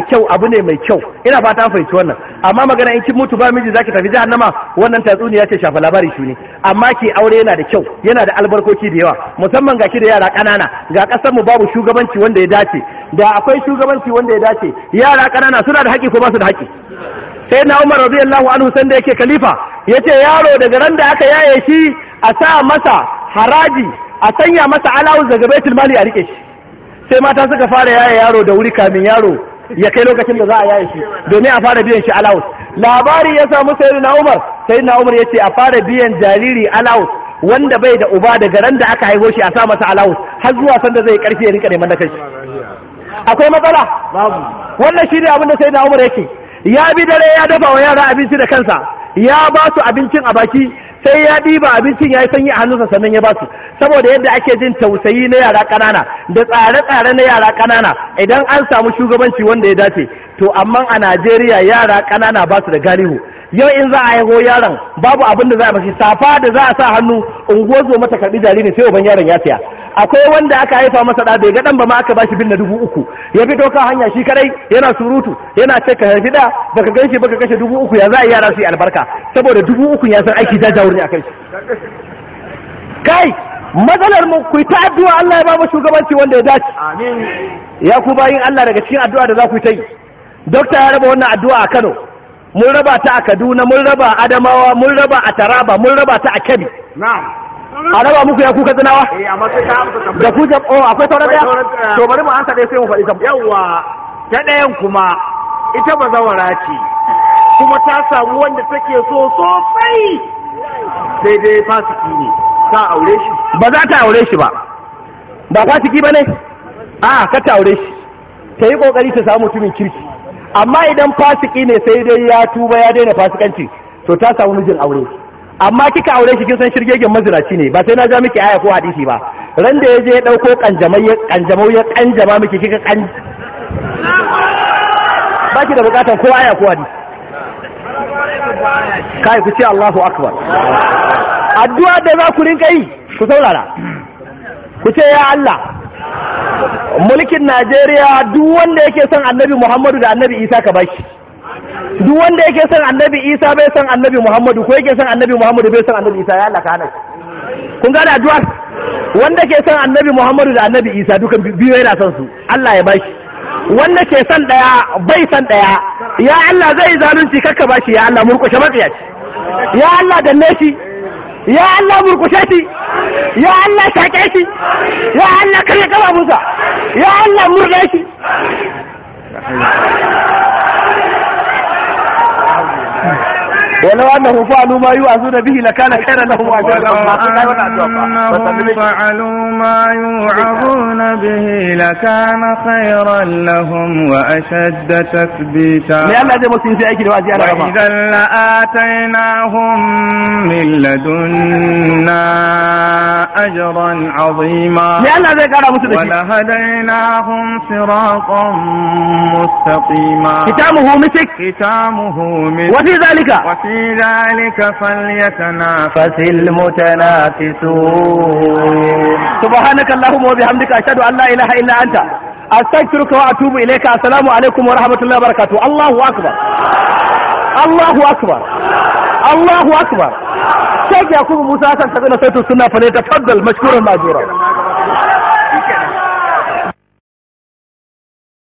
kyau abu ne mai kyau ina fata fahimci wannan amma magana in kin mutu ba miji zaki tafi jahannama wannan tatsuniya ce shafa labari shi ne amma ke aure yana da kyau yana da albarkoki da yawa musamman ga ki da yara kanana ga kasar mu babu shugabanci wanda ya dace da akwai shugabanci wanda ya dace yara kanana suna da haƙi ko ba su da haƙi sai na Umar radiyallahu anhu da yake khalifa yace yaro daga ran da aka yaye shi a sa masa haraji a sanya masa alawus daga baitul mali a rike shi sai mata suka fara yaye yaro da wuri kamin yaro ya kai lokacin da za a yaye shi domin a fara biyan shi alawus labari ya samu sayyidina Umar sayyidina Umar ya ce a fara biyan jariri alawus wanda bai da uba daga ran da aka haihu shi a sa masa alawus har zuwa sanda zai karfi ya rinka neman da kai. akwai matsala wannan shi ne abin da sayyidina Umar yake ya bi dare ya dafa wa yara abinci da kansa ya ba su abincin a baki sai ya ɗiba abincin ya yi sanyi a hannunsa sannan ya ba su saboda yadda ake jin tausayi na yara ƙanana da tsare-tsare na yara ƙanana idan an samu shugabanci wanda ya dace to amma a najeriya yara ƙanana ba su da galihu yau in za a haihu yaron babu abin da za a bashi safa da za a sa hannu in zo mata karbi jariri sai uban yaron ya siya akwai wanda aka haifa masa da bai ga dan ba ma aka bashi binna dubu uku ya fito kan hanya shi kadai yana surutu yana ce ka haifi da baka ganshi baka kashe dubu uku ya za a yi yara su yi albarka saboda dubu uku ya san aiki jajawur ne a kai kai matsalar mu ku ta addu'a Allah ya ba mu shugabanci wanda ya dace amin ya ku bayin Allah daga cikin addu'a da za ku yi ta yi dokta ya raba wannan addu'a a Kano mun raba ta a Kaduna mun raba Adamawa mun raba a Taraba mun raba ta a Kebbi a raba muku ya kuka zinawa? Eh, da ku jam oh akwai sauran daya to bari mu ansa dai sai mu faɗi ta yawa ta ɗayan kuma ita ba zawara ce kuma ta samu wanda take so sosai sai dai fasiki ne ta aure shi ba za ta aure shi ba ba fasiki ba ne a ah, ka ta aure shi ta yi kokari ta samu mutumin kirki amma idan fasiki ne sai dai ya tuba ya daina fasikanci to ta samu mijin aure amma kika aure shi kin san shirgegen mazinaci ne ba sai na ja miki aya ko hadisi ba ran da yaje ya dauko kanjamai ya kanjamau ya kanjama miki kika kan baki da bukatar ko aya ko hadisi kai ku ce Allahu akbar addu'a da za ku rinka yi ku saurara ku ce ya Allah mulkin Najeriya duk wanda yake son annabi Muhammadu da annabi Isa ka bashi duk wanda yake son annabi Isa bai son annabi Muhammadu ko yake son annabi Muhammadu bai son annabi Isa ya Allah ka kun gane addu'ar wanda ke son annabi Muhammadu da annabi Isa dukan biyu yana son su Allah ya bashi wanda ke son daya bai son daya ya Allah zai zalunci kakka bashi ya Allah murƙushe matsiyaci ya Allah danne shi ya Allah murkushe shi ya Allah sake shi ya Allah karya kaba musa ya Allah murna shi ولو أنهم فعلوا ما يوعظون به لكان خيرا لهم أجرا أنهم فعلوا ما يوعظون به لكان خيرا لهم وأشد تثبيتا وإذا لآتيناهم من لدنا أجرا عظيما ولهديناهم صراطا مستقيما ختامه مسك ختامه مسك وفي ذلك وفي ذلك فليتنافس المتنافسون سبحانك اللهم وبحمدك أشهد أن لا إله إلا أنت أستغفرك وأتوب إليك السلام عليكم ورحمة الله وبركاته الله أكبر الله أكبر الله أكبر ya Yakubu Musa Hassan Katsina Saitu suna fa ne tafaddal mashkuran majura